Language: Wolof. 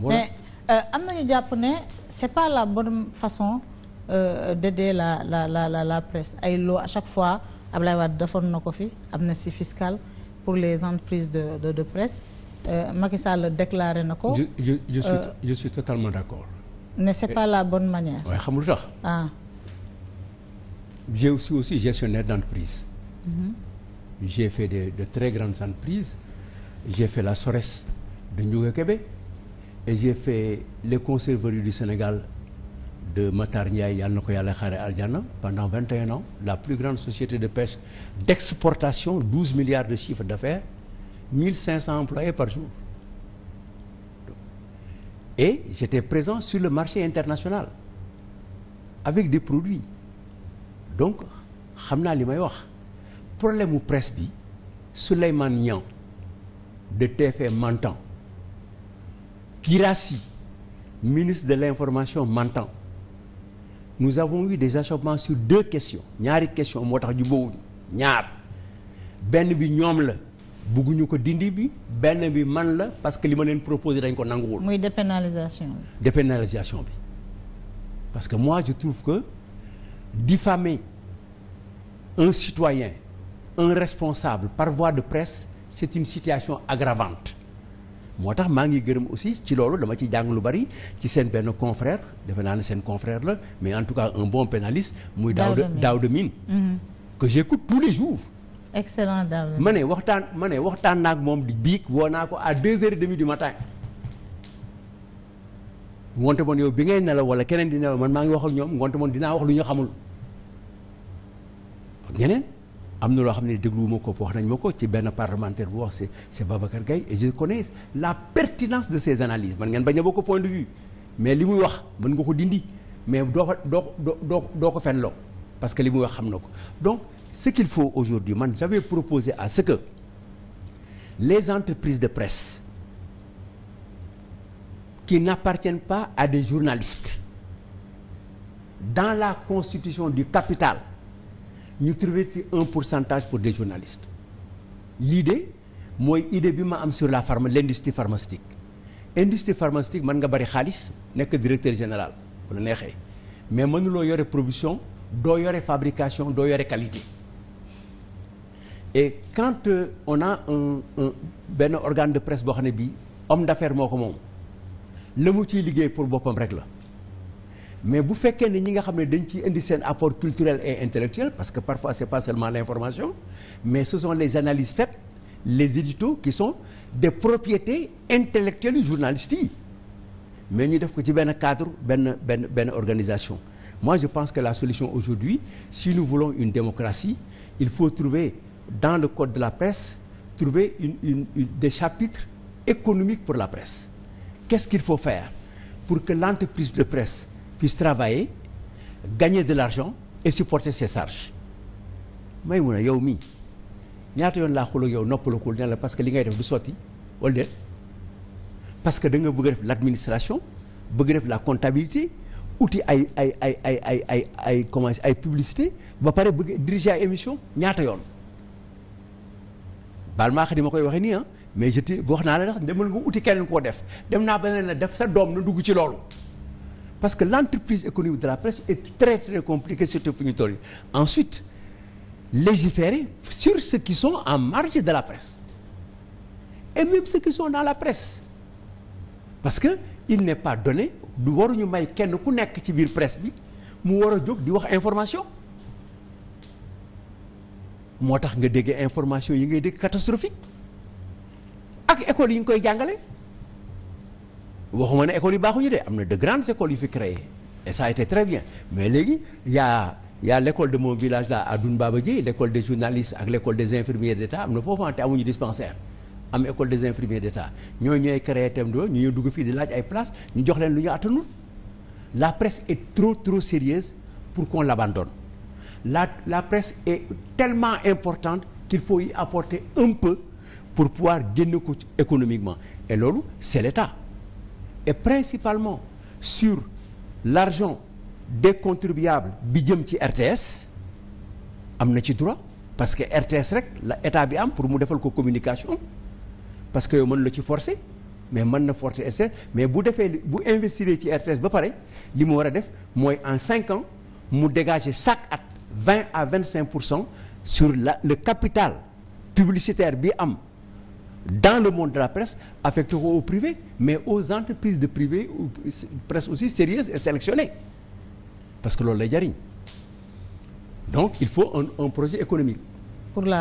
mais euh, am nañu jàpp ne c'est pas la bonne façon euh, d'aider la la la la la presse ay loo chaque fois Ablaye Wade defoon na ko fi amnistie fiscale pour les entreprises de de de presse euh, Macky Sall déclaré na ko. je je je suis euh, je suis totalement d'accord. mais c'est pas la bonne manière. waaye xam lu tax. ah. j'ai aussi aussi gestionnaire d'entreprise. Mhm. j'ai fait de de très grandes entreprises j'ai fait la SORES de Ndiouga Kébé. et j'ai fait les conserveries du Sénégal de Matar Ndiaye yàlla na ko yàlla xaare aljana pendant vingt et un ans la plus grande société de pêche d'exportation douze milliards de chiffre d'affaires mille cinq cents employés par jour et j'étais présent sur le marché international avec des produits donc xam naa li may wax problème mu presse bi Souleymane Niang de TFM Mantan Guirassy ministre de l'information m'entend nous avons eu des achoppements sur deux questions ñaari question moo tax jubóowuñu ñaar benn bi ñoom la bugguñu ko dindi bi benn bi man la parce que li ma leen proposé dañ ko nanguwul. muy dépénalisation bi. dépénalisation bi parce que moi je trouve que diffamer un citoyen un responsable par voie de presse c'est une situation aggravante moo tax maa ngi gërëm aussi ci loolu dama ci jàng lu bari ci seen benn confrère defe naa ne seen confrère la mais en tout cas un bon pénaliste muy Daouda Daouda Mine mhm. que j'écoute tous les jours excellent Daouda ma ne waxtaan ma ne waxtaan ak moom di biig woo naa ko à deux heures demi demie du matin ngonte moon yow bi ngay nelaw wala keneen di nelaw man maa ngi wax ak ñoom ngonte moon dinaa wax lu ñu xamul am na loo xam ne ma ko wax nañ ma ko ci benn parlementaire bu wax c'est c'est Babacar Gaye et je connais la pertinence de ses analyses man ngeen ba a bokk point de vue mais li muy wax mën nga ko dindi mais doo ko doo doo doo ko loo parce que li muy wax xam na ko donc ce qu'il faut aujourd'hui man j'avais proposé à ce que les entreprises de presse qui n'appartiennent pas à des journalistes dans la constitution du capital ñu trouver ci un pour pourcentage pour des lii de mooy idée bi ma am sur la pharma l'industrie pharmaceutique industrie pharmaceutique man nga bari xaalis nekk directeur général wala neexee mais mënuloo yore production doo yore fabrication doo yore qualité et quand euh, benn organe de presse boo xam ne bii homme d'affaires moo ko moom la mu ciy liggéey pour boppam rek la mais bu fekkee ne ñi nga xam ne dañ ciy indi seen apport culturel et intellectuel parce que parfois c'est pas seulement l'information mais ce sont les analyses faites les éditos qui sont des propriétés intellectuelles yu journalistes yi mais ñu def ko ci benn cadre benn benn benn organisation moi je pense que la solution aujourd'hui si nous voulons une démocratie il faut trouver dans le code de la presse trouver une, une, une des chapitres économiques pour la presse qu'est-ce qu'il faut pour que l'entreprise de presse puisse travailler gagner de l'argent et supporter ses charges may mun a yow mii ñaata yoon laa xuloo yow noppalakul ne la parce que li ngay def du sotti wala déet parce que da nga bëgg a def l'administration bëgg def la comptabilité uti ay ay ay ay ay ay ay comment ay publicité ba pare bëgg diriger ay émission ñaata yoon baal maa xam ma koy waxee nii ah mais je te wax naa la ne demal nga uti keneen koo def dem naa beneen la def sa doom na dugg ci loolu parce que l'entreprise économique de la presse est très très compliquée surtout fu ñu toll ensuite légiférer sur ceux qui sont en marge de la presse et même ceux qui la presse parce que il n'est pas donné du waruñu may kenn ku nekk ci biir presse bi mu war a jóg di wax information moo tax nga déggee information yi ngay dégg catastrophique ak école yi ñu koy jàngale waxuma ne école yi baaxuñu de am na de grandes écoles yu fi créées et ça a été très bien mais léegi y a l'école de mon village là à Doun Baba Dieye l'école des journalistes ak l'école des infirmiers d'État am na foofu ante amuñu dispensaire am école des infirmiers d'État ñooy ñooy créé tam do ñu ñuy dugg fii di laaj ay place ñu jox leen lu ñu attanul la presse est trop trop sérieuse pour qu'on l'abandonne la la presse est tellement importante qu'il faut y apporter pour pouvoir génn ko économiquement et loolu c'est l'État et principalement sur l'argent des contribuables bi jëm ci RTS am na ci droit parce que RTS rek la état bi am pour mu defal ko communication parce que yow mën la ci forcer mais mën na forcer RTS mais bu defee bu investir ci RTS ba pare li mu war a def mooy en cinq ans mu dégager chaque at vingt à vingt cinq pour cent sur la le capital publicitaire bi am dans le monde de la presse affecté ko au privé mais aux entreprises de privé presse aussi sérieuses et sélectionnées parce que loolu lay jariñ donc il faut un, un projet économique